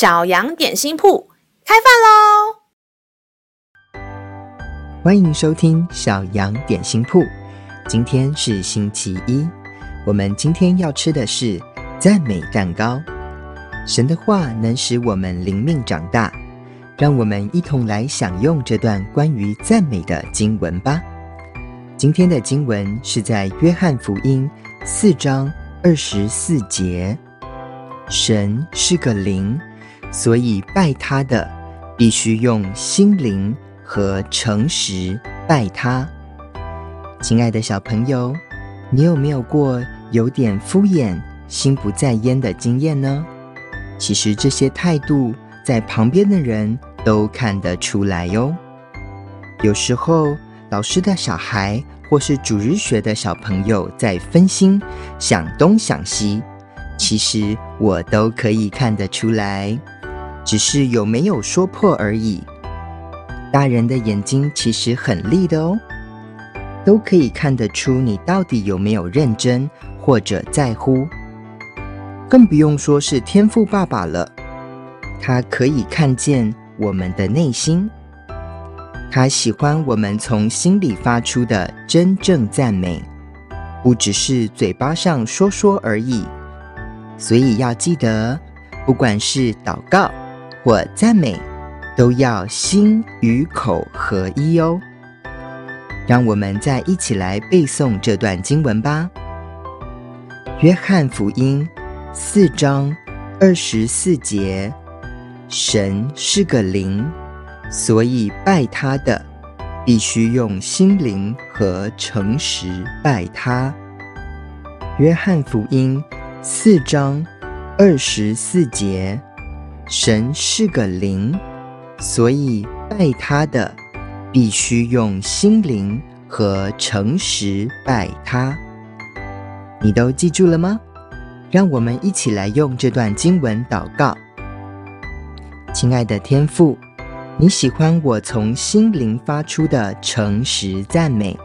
小羊點心鋪開飯嘍！歡迎收聽小羊點心鋪。今天是星期一，我們今天要吃的是讚美蛋糕。神的話能使我們靈命長大，讓我們一同來享用這段關於讚美的經文吧。今天的經文是在約翰福音四章二十四節，神是個靈。所以，拜他的必須用心靈和誠實拜他。親愛的小朋友，你有沒有過有點敷衍、心不在焉的經驗呢？其實這些態度在旁邊的人都看得出來喲、哦。有時候，老師的小孩或是主日學的小朋友在分心、想東想西，其實我都可以看得出來。只是有沒有說破而已。大人的眼睛其實很利的哦，都可以看得出你到底有沒有認真或者在乎。更不用說是天父爸爸了，他可以看見我們的內心。他喜歡我們從心裡發出的真正讚美，不只是嘴巴上說說而已。所以要記得，不管是禱告。我讚美，都要心與口合一哦。讓我們再一起來背誦這段經文吧。約翰福音四章二十四節：神是個靈，所以拜他的，必須用心靈和誠實拜他。約翰福音四章二十四節。神是個靈，所以拜他的，必須用心靈和誠實拜他。你都記住了嗎？讓我們一起來用這段經文禱告。親愛的天父，你喜歡我從心靈發出的誠實讚美，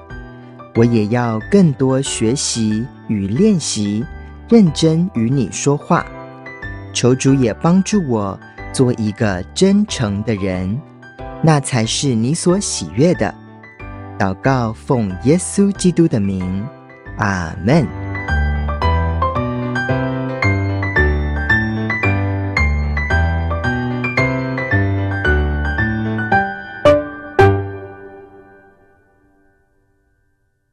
我也要更多學習與練習，認真與你說話。求主也幫助我做一個真誠的人，那才是你所喜悅的。禱告奉耶穌基督的名，阿門。